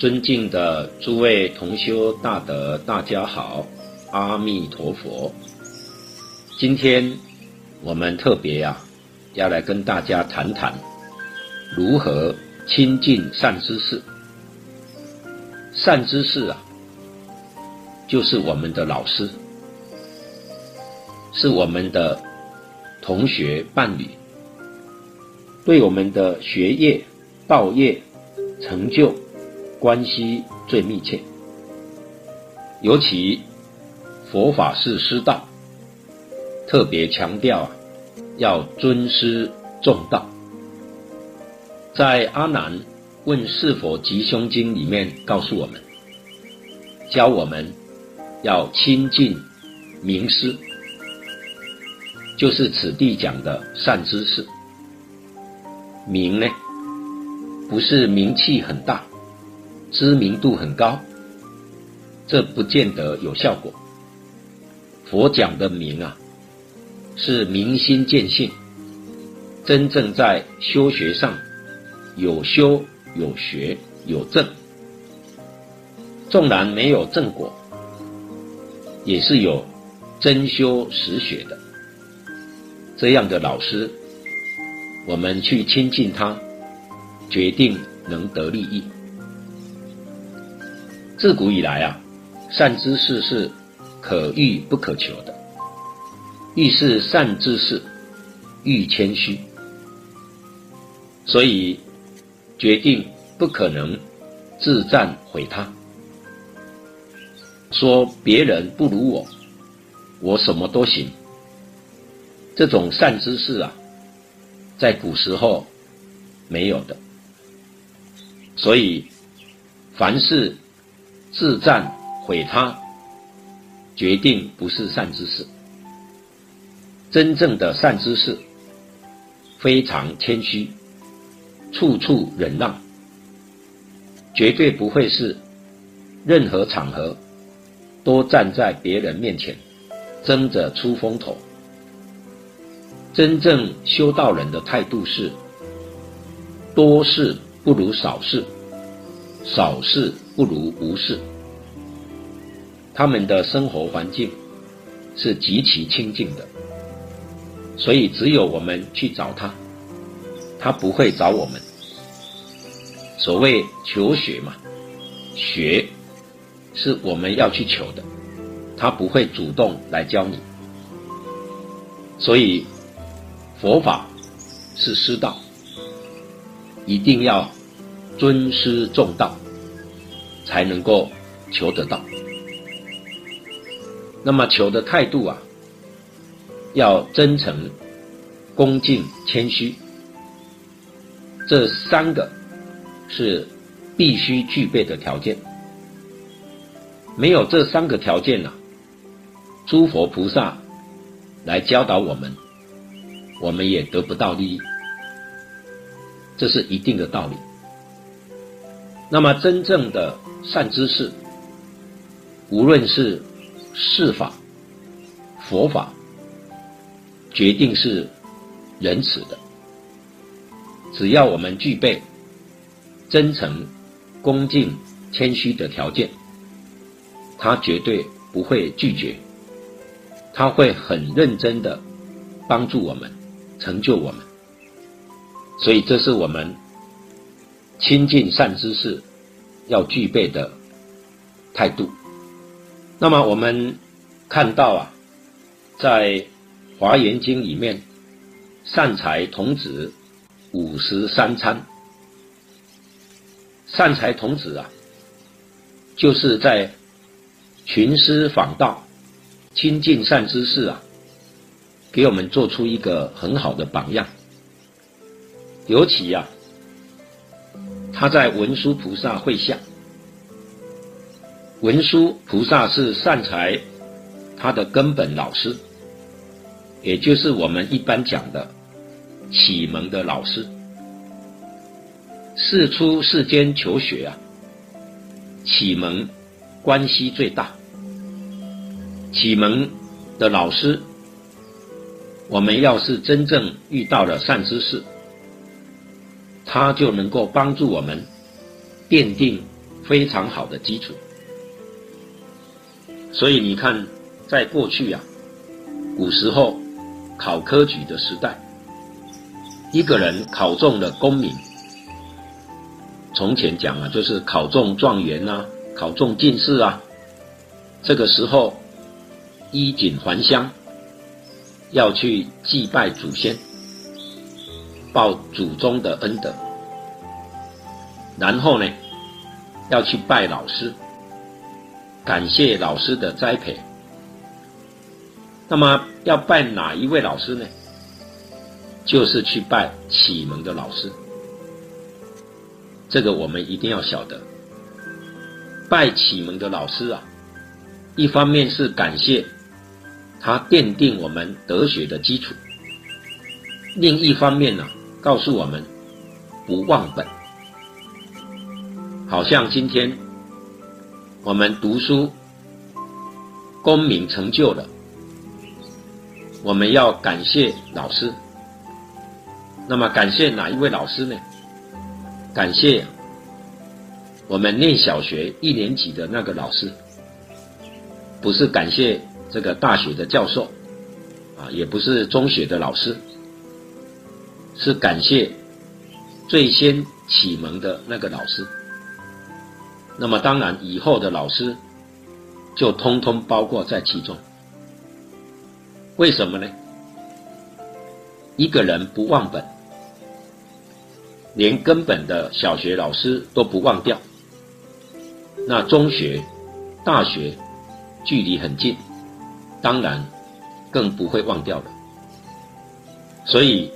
尊敬的諸位同修大德，大家好，阿彌陀佛。今天我們特別啊，要來跟大家談談如何親近善知識。善知識啊，就是我們的老師，是我們的同學伴侶，對我們的學業、道業、成就。關係最密切，尤其佛法是師道，特別強調啊，要尊師重道。在阿難問事佛吉凶經裡面告訴我們，教我們要親近明師，就是此地講的善知識。明呢，不是名氣很大，知名度很高，這不見得有效果。佛講的明啊，是明心見性，真正在修學上，有修有學有證，縱然沒有正果，也是有真修實學的。這樣的老師，我們去親近他，決定能得利益。自古以來啊，善知識是可遇不可求的。愈是善知識，愈謙虛，所以決定不可能自贊毀他，說別人不如我，我什麼都行。這種善知識啊，在古時候沒有的，所以凡事。自讚毀他，決定不是善知識。真正的善知識，非常謙虛，處處忍讓，絕對不會是任何場合都站在別人面前爭着出風頭。真正修道人的態度是：多事不如少事。少事不如無事，他們的生活環境是極其清靜的，所以只有我們去找他，他不會找我們。所謂求學嘛，學是我們要去求的，他不會主動來教你。所以佛法是師道，一定要。尊師重道，才能夠求得到。那麼求的態度啊，要真誠、恭敬、謙虛，這三個是必須具備的條件。沒有這三個條件呢、啊，諸佛菩薩來教導我們，我們也得不到利益，這是一定的道理。那麼，真正的善知識，無論是世法、佛法，決定是仁慈的。只要我們具備真誠、恭敬、謙虛的條件，他絕對不會拒絕，他會很認真的幫助我們，成就我們。所以，這是我們，親近善知識，要具備的態度。那麼我們看到啊，在《華嚴經》裡面，善財童子五十三參。善財童子啊，就是在尋師訪道、親近善知識啊，給我們做出一個很好的榜樣。尤其呀、啊。他在文殊菩薩會下，文殊菩薩是善財，他的根本老師，也就是我們一般講的啟蒙的老師。世出世間求學啊，啟蒙關係最大。啟蒙的老師，我們要是真正遇到了善知識，它就能夠幫助我們奠定非常好的基礎，所以你看，在過去啊，古時候考科舉的時代，一個人考中了功名，從前講啊，就是考中狀元吶、啊，考中進士啊，這個時候衣錦還鄉，要去祭拜祖先。報祖宗的恩德，然後呢，要去拜老師，感謝老師的栽培。那麼要拜哪一位老師呢？就是去拜啟蒙的老師。這個我們一定要曉得，拜啟蒙的老師啊，一方面是感謝他奠定我們德學的基礎，另一方面呢、啊。告訴我們不忘本，好像今天我們讀書功名成就了，我們要感謝老師。那麼感謝哪一位老師呢？感謝我們念小學一年級的那個老師，不是感謝這個大學的教授，啊，也不是中學的老師。是感謝最先啟蒙的那個老師。那麼當然，以後的老師就通通包括在其中。為什麼呢？一個人不忘本，連根本的小學老師都不忘掉，那中學、大學距離很近，當然更不會忘掉了。所以。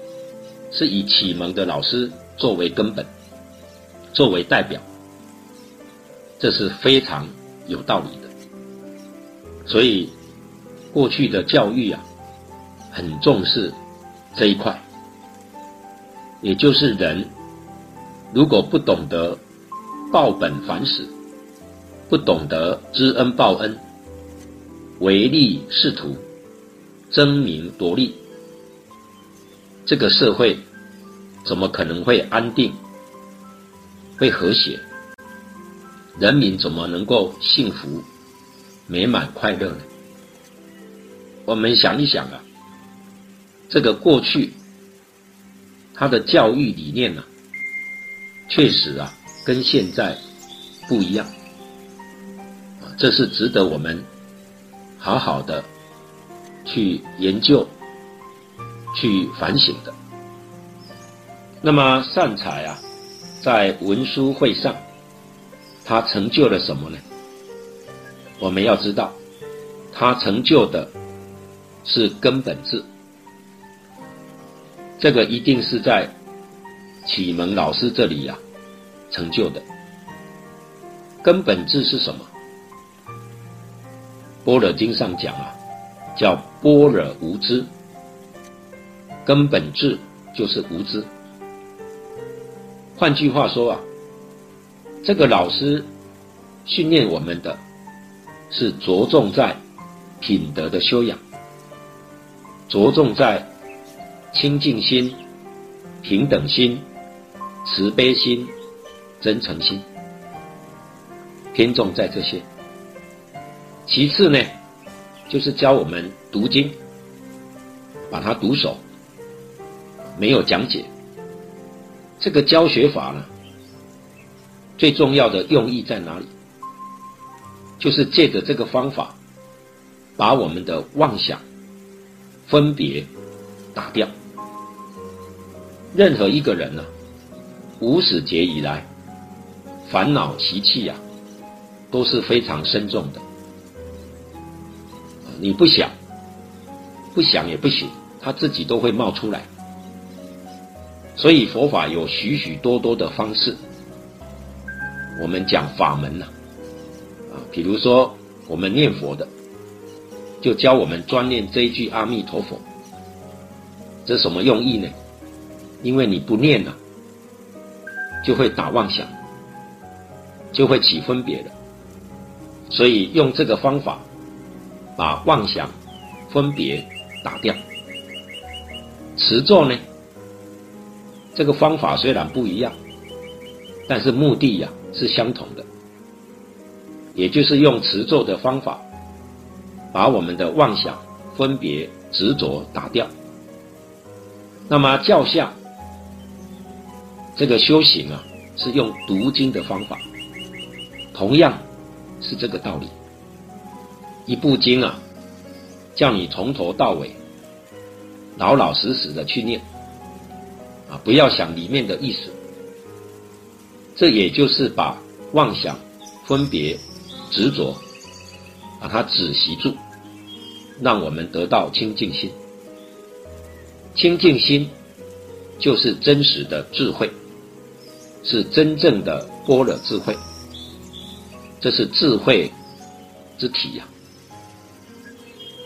是以啟蒙的老師作為根本，作為代表，這是非常有道理的。所以過去的教育啊，很重視這一塊。也就是人如果不懂得報本反始，不懂得知恩報恩，唯利是圖，爭名奪利。這個社會怎麼可能會安定、會和諧？人民怎麼能夠幸福、美滿、快樂呢？我們想一想啊，這個過去他的教育理念呢，啊，確實啊，跟現在不一樣，這是值得我們好好的去研究。去反省的。那麼善財啊，在文殊會上，他成就了什麼呢？我們要知道，他成就的是根本智。這個一定是在啟蒙老師這裡呀、啊、成就的。根本智是什麼？《般若經》上講啊，叫般若無知。根本智就是無知。換句話說啊，這個老師訓練我們的，是着重在品德的修養，着重在清淨心、平等心、慈悲心、真誠心，偏重在這些。其次呢，就是教我們讀經，把它讀熟。沒有講解，這個教學法呢，最重要的用意在哪裡？就是借着這個方法，把我們的妄想分別打掉。任何一個人呢、啊，無始劫以來煩惱習氣啊都是非常深重的。你不想，不想也不行，他自己都會冒出來。所以佛法有許許多多的方式，我們講法門吶，啊，比如說我們念佛的，就教我們專念這一句阿彌陀佛。這是什麼用意呢？因為你不念了，啊，就會打妄想，就會起分別了。所以用這個方法，把妄想、分別打掉。持咒呢？這個方法雖然不一樣，但是目的呀是相同的，也就是用持咒的方法，把我們的妄想分別執着打掉。那麼教下這個修行啊，是用讀經的方法，同樣是這個道理。一部經啊，叫你從頭到尾老老實實的去念。不要想裡面的意思，這也就是把妄想、分別、執着，把它止息住，讓我們得到清淨心。清淨心就是真實的智慧，是真正的般若智慧。這是智慧之體呀、啊。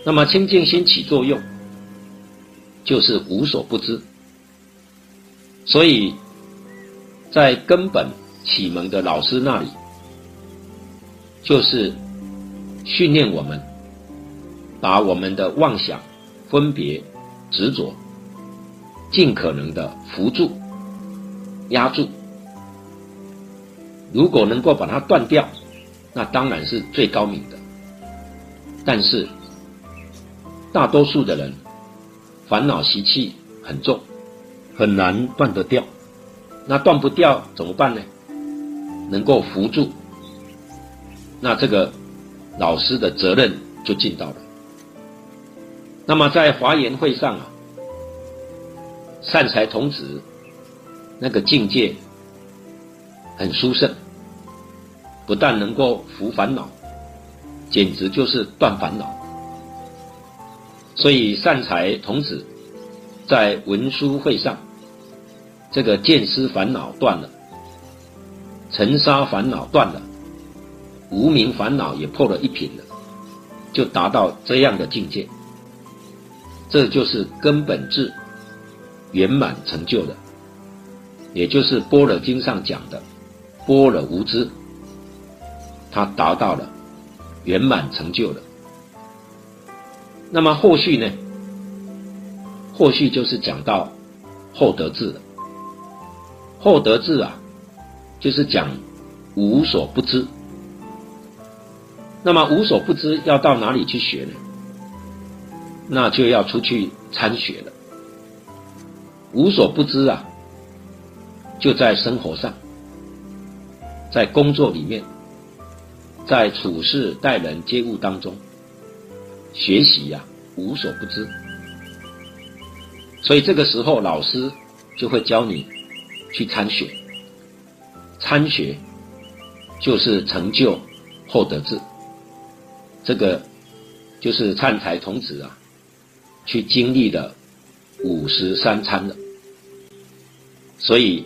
那麼清淨心起作用，就是無所不知。所以，在根本啟蒙的老師那裡，就是訓練我們把我們的妄想、分別、執着，盡可能的扶住、壓住。如果能夠把它斷掉，那當然是最高明的。但是，大多數的人煩惱習氣很重。很難斷得掉，那斷不掉怎麼辦呢？能夠伏住，那這個老師的責任就盡到了。那麼在華嚴會上啊，善財童子那個境界很殊勝，不但能夠伏煩惱，簡直就是斷煩惱。所以善財童子在文殊會上。這個見思煩惱斷了，塵沙煩惱斷了，無明煩惱也破了一品了，就達到這樣的境界。這就是根本智圓滿成就了，也就是《般若經》上講的“般若無知”，他達到了圓滿成就了。那麼後續呢？後續就是講到後得智了。後得智啊，就是講無所不知。那麼無所不知要到哪裡去學呢？那就要出去參學了。無所不知啊，就在生活上，在工作裡面，在處事待人接物當中學習呀、啊，無所不知。所以這個時候老師就會教你。去參學，參學就是成就後得智，這個就是善財童子啊，去經歷了五十三參了，所以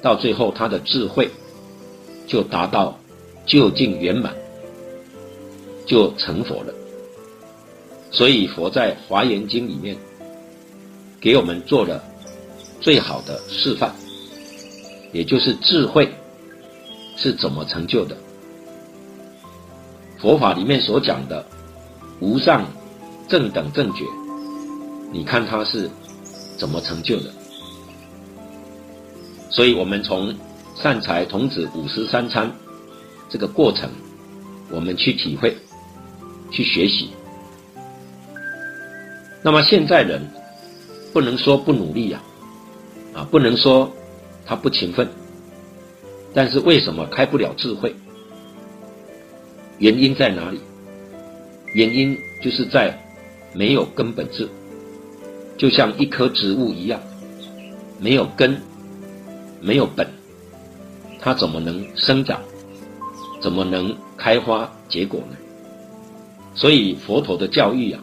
到最後他的智慧就達到究竟圓滿，就成佛了。所以佛在《華嚴經》裡面給我們做了。最好的示範，也就是智慧是怎麼成就的。佛法裡面所講的無上正等正覺，你看他是怎麼成就的。所以我們從善財童子五十三參這個過程，我們去體會、去學習。那麼現在人不能說不努力呀、啊。啊，不能說他不勤奮，但是為什麼開不了智慧？原因在哪裡？原因就是在沒有根本智，就像一棵植物一樣，沒有根，沒有本，它怎麼能生長？怎麼能開花結果呢？所以佛陀的教育啊，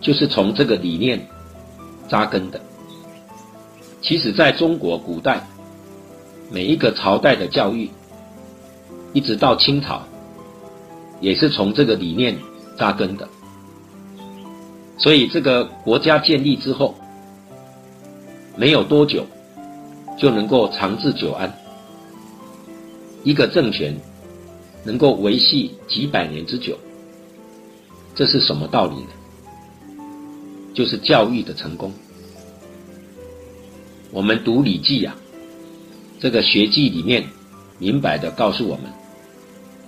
就是從這個理念扎根的。其實在中國古代，每一個朝代的教育，一直到清朝，也是從這個理念扎根的。所以這個國家建立之後，沒有多久就能夠長治久安，一個政權能夠維繫幾百年之久，這是什麼道理呢？就是教育的成功。我們讀《禮記》呀，這個學記裡面明白地告訴我們：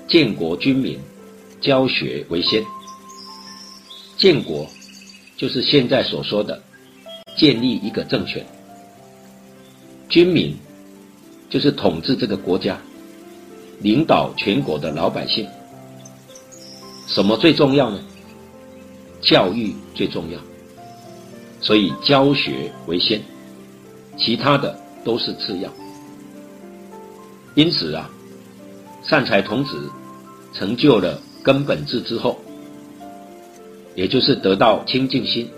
建國君民，教學為先。建國就是現在所說的建立一個政權，君民就是統治這個國家，領導全國的老百姓。什麼最重要呢？教育最重要，所以教學為先。其他的都是次要，因此啊，善財童子成就了根本智之後，也就是得到清淨心。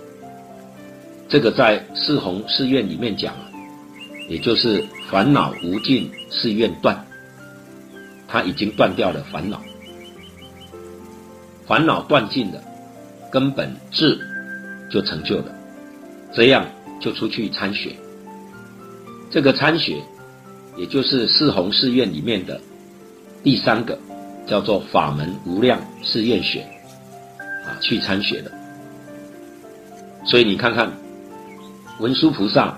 這個在四弘誓願裡面講啊，也就是煩惱無盡誓願斷，他已經斷掉了煩惱，煩惱斷盡了，根本智就成就了，這樣就出去參學。這個參學，也就是四弘誓願裡面的第三個，叫做法門無量誓願學，啊，去參學的。所以你看看，文殊菩薩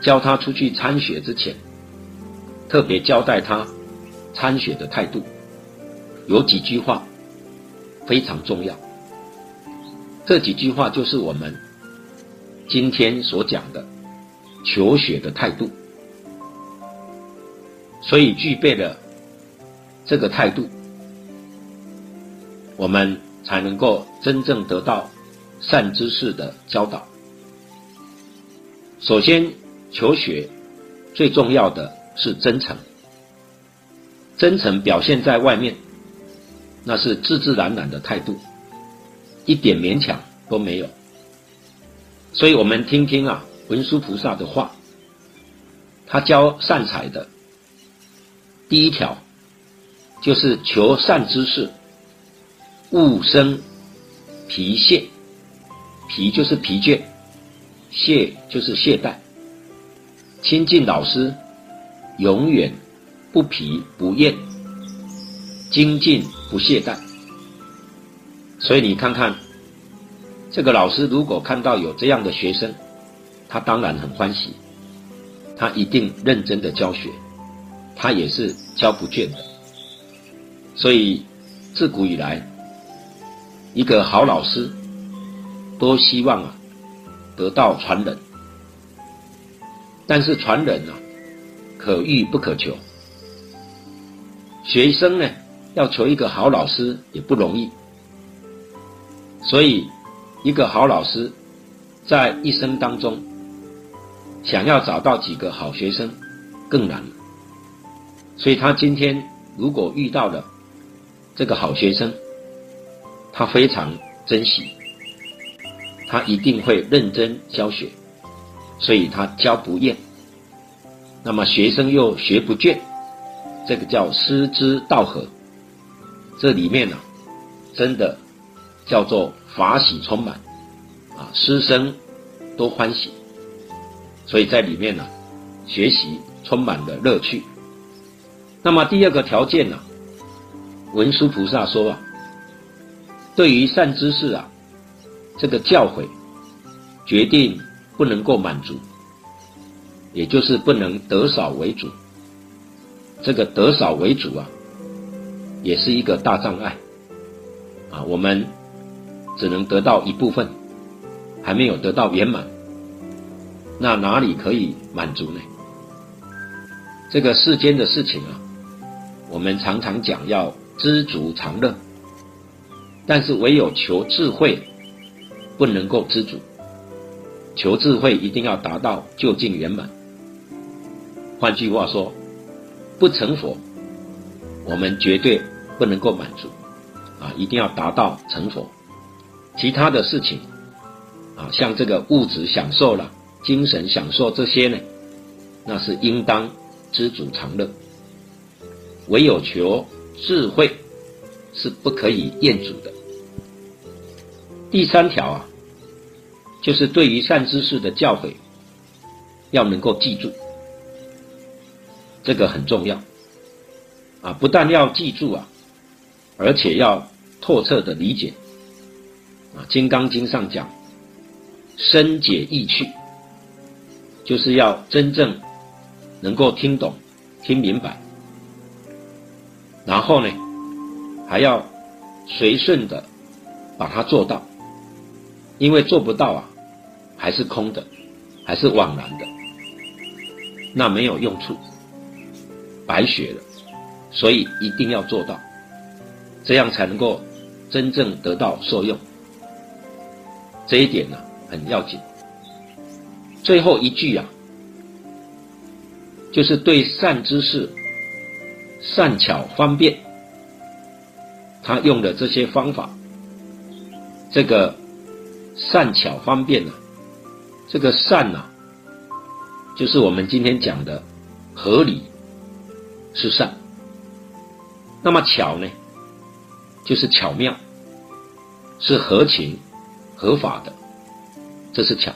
教他出去參學之前，特別交代他參學的態度，有幾句話非常重要。這幾句話就是我們今天所講的。求學的態度，所以具備了這個態度，我們才能夠真正得到善知識的教導。首先，求學最重要的是真誠，真誠表現在外面，那是自自然然的態度，一點勉強都沒有。所以，我們聽聽啊。文殊菩薩的話，他教善財的，第一條，就是求善知識，勿生疲懈。疲就是疲倦，懈就是懈怠。親近老師，永遠不疲不厭，精進不懈怠。所以你看看，這個老師如果看到有這樣的學生，他當然很歡喜，他一定認真的教學，他也是教不倦的。所以，自古以來，一個好老師，都希望啊，得到傳人。但是傳人啊，可遇不可求。學生呢，要求一個好老師也不容易。所以，一個好老師，在一生當中，想要找到幾個好學生，更難了。所以他今天如果遇到了這個好學生，他非常珍惜，他一定會認真教學，所以他教不厭。那麼學生又學不倦，這個叫師之道合。這裡面呢、啊，真的叫做法喜充滿啊，師生都歡喜。所以在裡面呢、啊，學習充滿了樂趣。那麼第二個條件呢、啊，文殊菩薩說啊，對於善知識啊，這個教誨，決定不能夠滿足，也就是不能得少為主。這個得少為主啊，也是一個大障礙。啊，我們只能得到一部分，還沒有得到圓滿。那哪裡可以滿足呢？這個世間的事情啊，我們常常講要知足常樂，但是唯有求智慧，不能夠知足。求智慧一定要達到究竟圓滿。換句話說，不成佛，我們絕對不能夠滿足，啊，一定要達到成佛。其他的事情，啊，像這個物質享受了。精神享受這些呢，那是應當知足常樂。唯有求智慧，是不可以厭足的。第三條啊，就是對於善知識的教誨，要能夠記住，這個很重要。啊，不但要記住啊，而且要透徹的理解。啊，《金剛經》上講，深解意趣。就是要真正能夠聽懂、聽明白，然後呢，還要隨順的把它做到，因為做不到啊，還是空的，還是枉然的，那沒有用處，白學了，所以一定要做到，這樣才能夠真正得到受用，這一點呢、啊，很要緊。最後一句啊，就是對善知識、善巧方便，他用的這些方法，這個善巧方便呢、啊，這個善呢、啊，就是我們今天講的合理是善，那麼巧呢，就是巧妙，是合情合法的，這是巧。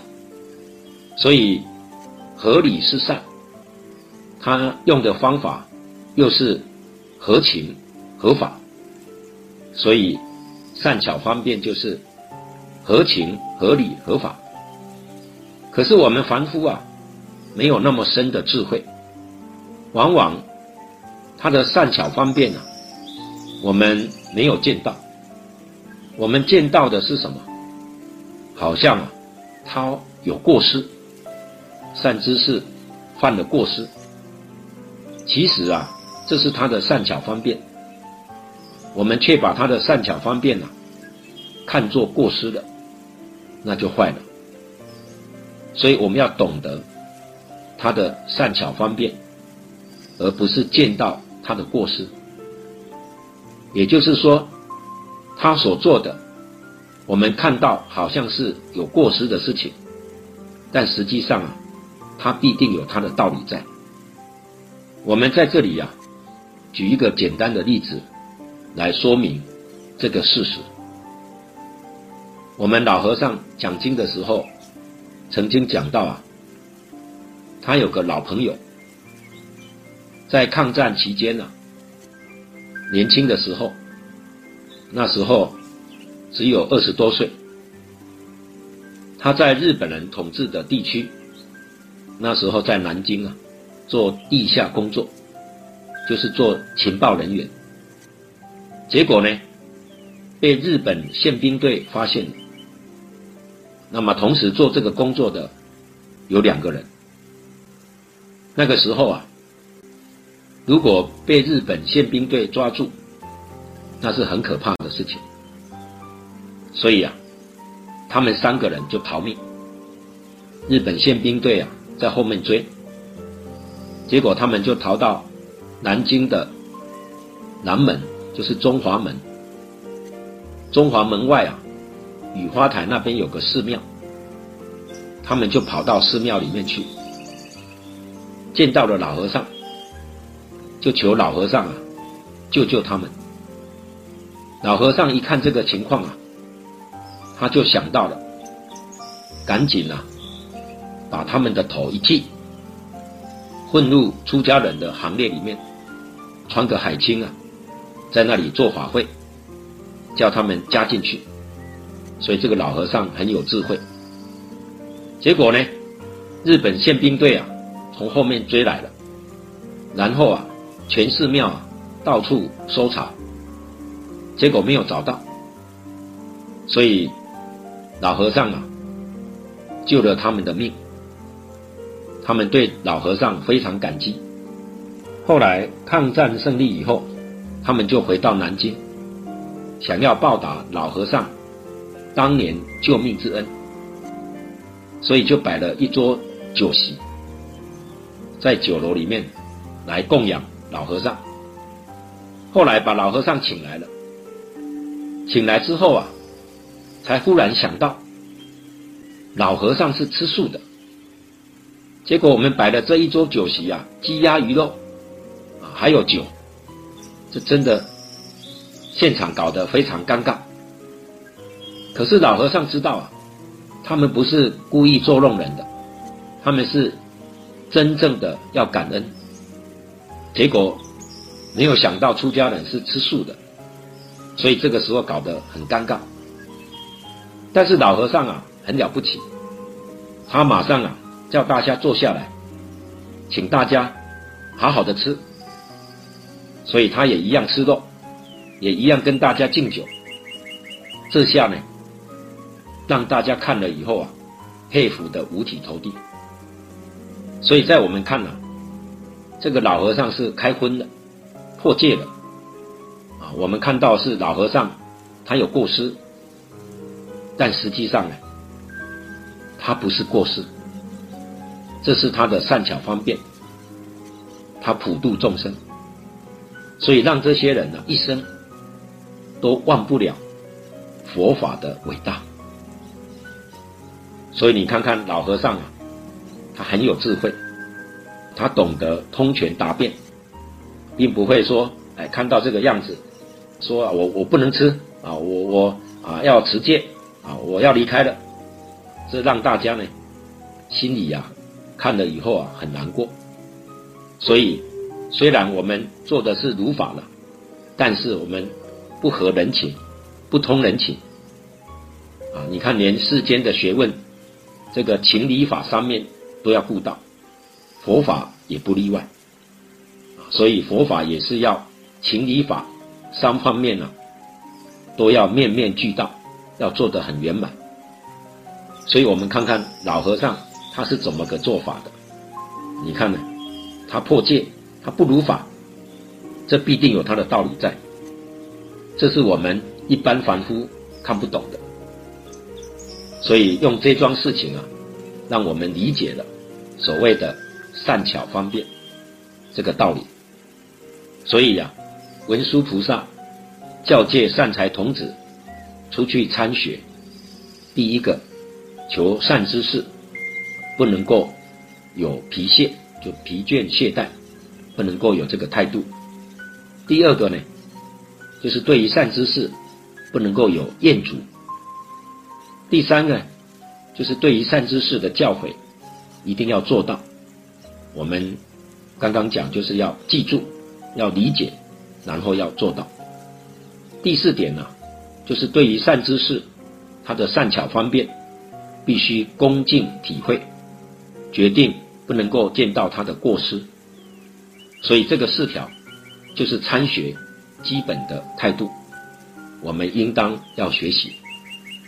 所以，合理是善，他用的方法又是合情合法，所以善巧方便就是合情合理合法。可是我們凡夫啊，沒有那麼深的智慧，往往他的善巧方便啊，我們沒有見到。我們見到的是什麼？好像啊，他有過失。善知識犯了過失，其實啊，這是他的善巧方便。我們卻把他的善巧方便呢、啊，看作過失的，那就壞了。所以我們要懂得他的善巧方便，而不是見到他的過失。也就是說，他所做的，我們看到好像是有過失的事情，但實際上啊。他必定有他的道理在。我們在這裡呀，舉一個簡單的例子來說明這個事實。我們老和尚講經的時候，曾經講到啊，他有個老朋友，在抗戰期間呢，年輕的時候，那時候只有二十多歲，他在日本人統治的地區。那時候在南京啊，做地下工作，就是做情報人員。結果呢，被日本憲兵隊發現了。那麼同時做這個工作的有兩個人。那個時候啊，如果被日本憲兵隊抓住，那是很可怕的事情。所以啊，他們三個人就逃命。日本憲兵隊啊，在後面追，結果他們就逃到南京的南門，就是中華門。中華門外啊，雨花台那邊有個寺廟，他們就跑到寺廟裡面去，見到了老和尚，就求老和尚啊，救救他們。老和尚一看這個情況啊，他就想到了，趕緊啊。把他們的頭一剃，混入出家人的行列裡面，穿個海青啊，在那裡做法會，叫他們加進去。所以這個老和尚很有智慧。結果呢，日本憲兵隊啊從後面追來了，然後啊，全寺廟啊到處搜查，結果沒有找到。所以老和尚啊救了他們的命。他們對老和尚非常感激。後來抗戰勝利以後，他們就回到南京，想要報答老和尚當年救命之恩，所以就擺了一桌酒席，在酒樓裡面來供養老和尚。後來把老和尚請來了，請來之後啊，才忽然想到，老和尚是吃素的。結果我們擺了這一桌酒席啊，雞鴨魚肉啊，還有酒，這真的現場搞得非常尷尬。可是老和尚知道啊，他們不是故意捉弄人的，他們是真正的要感恩。結果沒有想到出家人是吃素的，所以這個時候搞得很尷尬。但是老和尚啊，很了不起，他馬上啊。叫大家坐下來，請大家好好的吃。所以他也一樣吃肉，也一樣跟大家敬酒。這下呢，讓大家看了以後啊，佩服的五體投地。所以在我們看呢，啊，這個老和尚是開葷的，破戒的啊。我們看到是老和尚，他有過失，但實際上呢，他不是過失。這是他的善巧方便，他普度眾生，所以讓這些人呢、啊、一生都忘不了佛法的偉大。所以你看看老和尚啊，他很有智慧，他懂得通權達變，並不會說，哎，看到這個樣子，說、啊，我我不能吃啊，我我啊要持戒啊，我要離開了，這讓大家呢心裡呀、啊。看了以後啊，很難過。所以，雖然我們做的是如法了，但是我們不合人情，不通人情。啊，你看連世間的學問，這個情理法上面都要顧到，佛法也不例外。啊，所以佛法也是要情理法三方面呢、啊，都要面面俱到，要做得很圓滿。所以我們看看老和尚。他是怎麼個做法的？你看呢？他破戒，他不如法，這必定有他的道理在。這是我們一般凡夫看不懂的。所以用這樁事情啊，讓我們理解了所謂的善巧方便這個道理。所以呀、啊，文殊菩薩教戒善財童子出去參學，第一個求善知識。不能夠有疲懈，就疲倦懈怠，不能夠有這個態度。第二個呢，就是對於善知識，不能夠有厭足。第三個，就是對於善知識的教誨，一定要做到。我們剛剛講就是要記住，要理解，然後要做到。第四點呢、啊，就是對於善知識，它的善巧方便，必須恭敬體會。決定不能夠見到他的過失，所以這個四條就是參學基本的態度，我們應當要學習。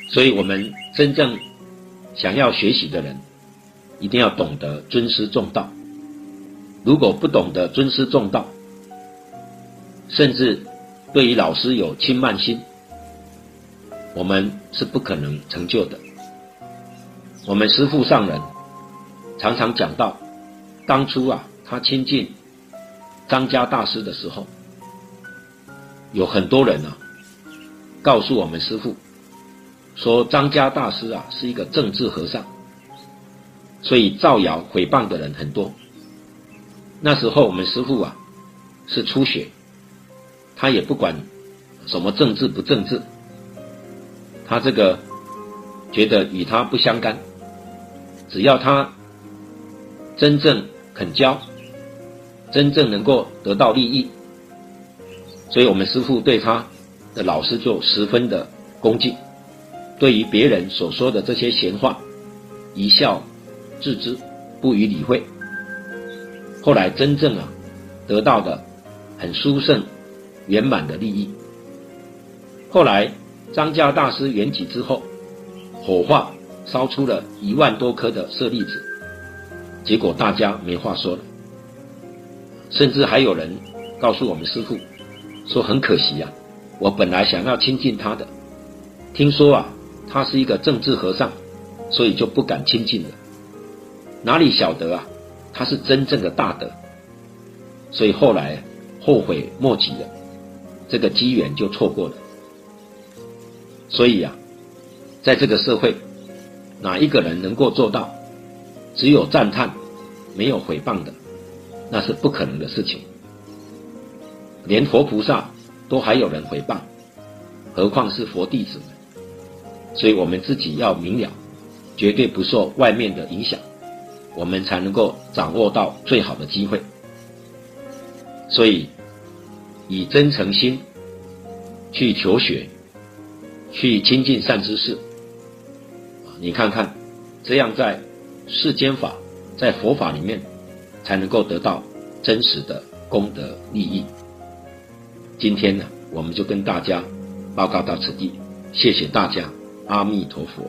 所以我們真正想要學習的人，一定要懂得尊師重道。如果不懂得尊師重道，甚至對於老師有輕慢心，我們是不可能成就的。我們師父上人。常常講到，當初啊，他親近張家大師的時候，有很多人呢、啊，告訴我們師父，說張家大師啊是一個政治和尚，所以造謠誹謗的人很多。那時候我們師父啊是初學，他也不管什麼政治不政治，他這個覺得與他不相干，只要他。真正肯教，真正能夠得到利益，所以我們師父對他的老師就十分的恭敬，對於別人所說的這些閒話，一笑置之，不予理會。後來真正啊，得到的很殊勝圓滿的利益。後來章嘉大師圓寂之後，火化燒出了一萬多顆的舍利子。結果大家沒話說了，甚至還有人告訴我們師父，說：“很可惜呀，啊，我本來想要親近他的，聽說啊他是一個政治和尚，所以就不敢親近了。哪裡曉得啊，他是真正的大德，所以後來後悔莫及了，這個機緣就錯過了。所以啊，在這個社會，哪一個人能夠做到？”只有讚歎，沒有毀謗的，那是不可能的事情。連佛菩薩都還有人毀謗，何況是佛弟子們？所以，我們自己要明了，絕對不受外面的影響，我們才能夠掌握到最好的機會。所以，以真誠心去求學，去親近善知識。啊，你看看，這樣在。世間法在佛法裡面才能夠得到真實的功德利益。今天呢，我們就跟大家報告到此地，謝謝大家，阿彌陀佛。